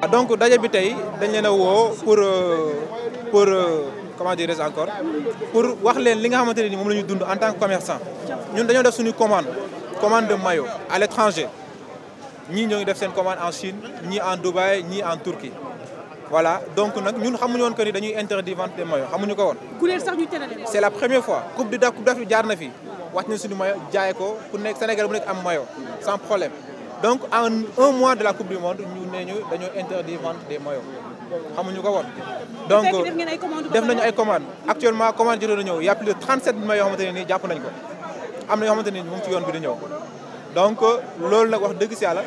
Ah, donc daje bi tey dañ leen a woo pour euh, pour euh, comment dirais-je encore pour wax leen li nga xamante ne ni moom la ñu dund en tant que ñun dañoo def suñu commande commande de mayo à l'étranger ñii ñoo ngi def seen commande en Chine ñii en Dubaï ñii en Turquie voilà donc nag ñun xamuñu woon que dañuy interdit vente des maillots xamuñu ko woon. kuréel sax ñu tere leen. c'est la première fois. coupe du coupe d'Afrique jaar na fi wàcc nañ suñu maillot jaay ko ku nekk Sénégal bu nekk am mayo sans problème. donc en un mois de la coupe du monde ñu ne ñu dañoo interdire vente des maillots xamuñu ko woon. donc def nañu ay commande actuellement commande jotoon na ñëw y' a plus de 37 maillots yoo xamante ne nii jàpp nañ ko am na yoo xamante ne ci yoon bi di ñëw donc loolu nag wax dëgg si yàlla.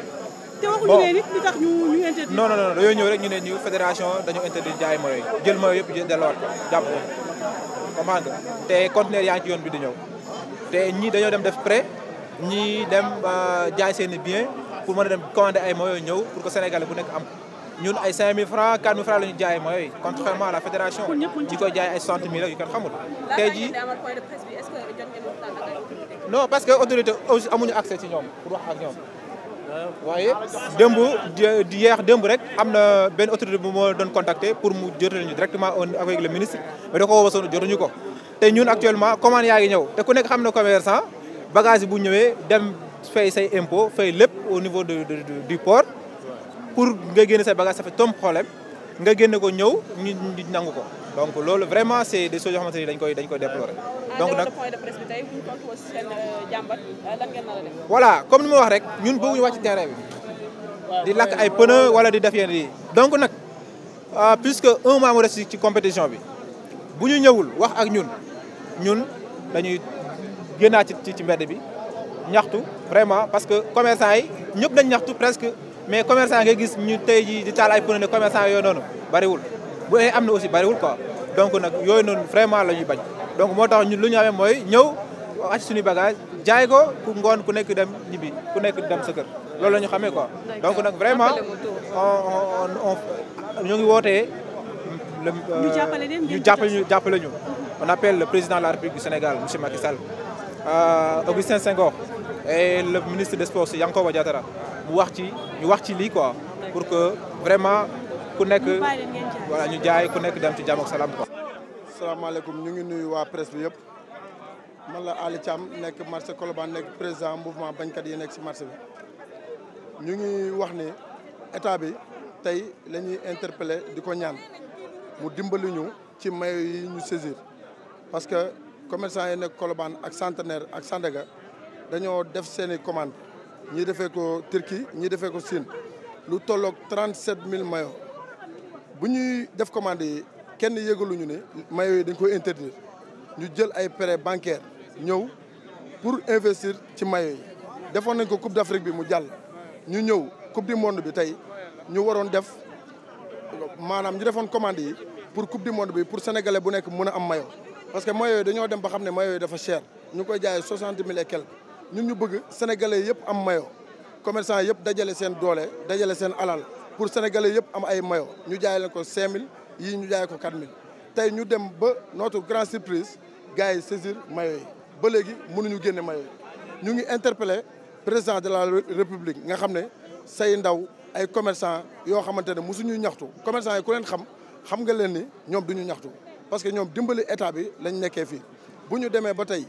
te waxuñu ne nit ñu ñu dañoo ñëw rek ñu ne ñu fédération dañoo interdire jaay maillot yi jël maillot yëpp del delluwaat ko jàpp ko comment nga te conteneur yaa ngi ci yoon bi di ñëw te ñii dañoo dem def prêt ñii dem euh, jaay seen i bien pour mën dem commander ay maillot ñëw pour que sénégalais bu nekk am ñun ay 5000 francs 4000 francs la ñu jaayee maillot yi contrairement à la fédération ñi koy jaay ay 60 000 ak yu kenn parce que autorité aussi amuñu accès ci ñoom pour wax ak ñoom waaye démb di yeex démb rek am na benn autorité bu ma doon contacter pour mu jotale ñu directement avec le ministre mais da ko woo sonn jotuñu ko te ñun actuellement commande yaa ngi ñëw te ku nekk xam na commerçant bagage bu ñëwee dem fay say impôt fay au niveau de du port pour nga génne sa bagage ça fait tomb problème nga génne ko ñëw ngi ñu nangu ko donc loolu vraiment c' est des choses yoo xamante dañ koy dañ koy déplorer. Ah, donc nag point euh, euh, comme ni ma wax rek ñun bëgguñu wàcc terrain bi. di lakk ay pneu wala di def yenn yi donc nag euh, puisque un mois mu des ci compétition bi bu ñu ñëwul wax ak ñun ñun dañuy génnaat ci ci mbedd bi. ñaxtu vraiment parce que commerçant yi ñëpp dañ ñaxtu presque mais commerçant ngay gis ñu tey jii di taal ay pneu ne commerçant yooyu noonu bariwul bu dee am na aussi bariwul ko donc nag yooyu noonu vraiment la ñuy bañ donc moo tax ñun lu ñu amee mooy ñëw wàcc suñu bagage jaay ko ku ngoon ku nekk dem ñibbi ku nekk dem sa kër loolu la ñu xamee ko donc nag vraiment on ñu ngi wootee euh, ñu jàppale ñu jàppale ñu on appelle le président de la République du Sénégal monsieur Macky Sall euh, Augustin Senghor et le ministre des Sports Yankoba Diatara mu wax ci ñu wax ci lii quoi pour que vraiment ku nekk waa ñu jaay ku nekk dem ci jàmm ak salaam quoi. ñu ngi nuyu waa presse bi yëpp man la Ali Thiam nekk marché Colobane nekk président mouvement bañkat yi nekk si marché bi ñu ngi wax ni état bi tey lañuy ñuy interpellé di ko ñaan mu dimbali ñu ci mayo ñu saisir parce que commerçant yi nekk Colobane ak centenaire ak Sandaga dañoo def seen i commande ñi defee ko Turquie ñi defee ko sin lu tolloog 37000 maillots bu ñuy def commande yi kenn yëgaluñu ne maillots yi dañ koy interdire ñu jël ay pere bancaire ñëw pour investir ci maillots yi defoon nañ ko coupe d'Afrique bi mu jàll ñu ñëw coupe du monde bi tey ñu waroon def maanaam ñu defoon commande yi pour coupe du monde bi pour sénégalais bu nekk mën a am maillot parce que maillot dañoo dem ba xam ne maillot yi dafa cher ñu ko jaayee soixante mille et quelque ñun ñu bëgg sénégalais yëpp am mayo commerçant yëpp dajale seen doole dajale seen alal pour sénégalais yëpp am ay mayo ñu jaay leen ko 5000 yi ñu jaay ko 4000 tey ñu dem ba nootu grande surprise gars yi saisir maillot yi ba léegi mënuñu génne maillot yi ñu ngi interpellé président de la république nga xam ne say ndaw ay commerçant yoo xamante ne mosuñu ñaxtu commerçant yi ku leen xam xam nga leen ni ñoom duñu ñaxtu parce que ñoom dimbali état bi lañ nekkee fii bu ñu demee ba tey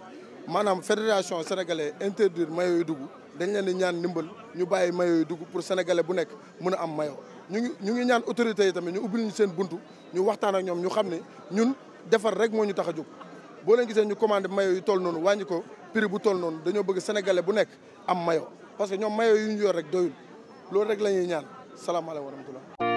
maanaam fédération sénégalais interdire maillot yu dugg dañ leen di ñaan ndimbal ñu bàyyi maillot yu dugg pour sénégalais bu nekk mun a am maillot ñu ngi ñu ngi ñaan autorités yi tamit ñu ubbil ñu seen buntu ñu waxtaan ak ñoom ñu xam ne ñun defar rek moo ñu tax a jóg boo leen gisee ñu commandé maillot yu toll noonu wàññi ko prix bu toll noonu dañoo bëgg sénégalais bu nekk am maillot parce ñoom mayo yu ñu yor rek doyul loolu rek la ñuy ñaan salaamaaleykum wa rahmatullah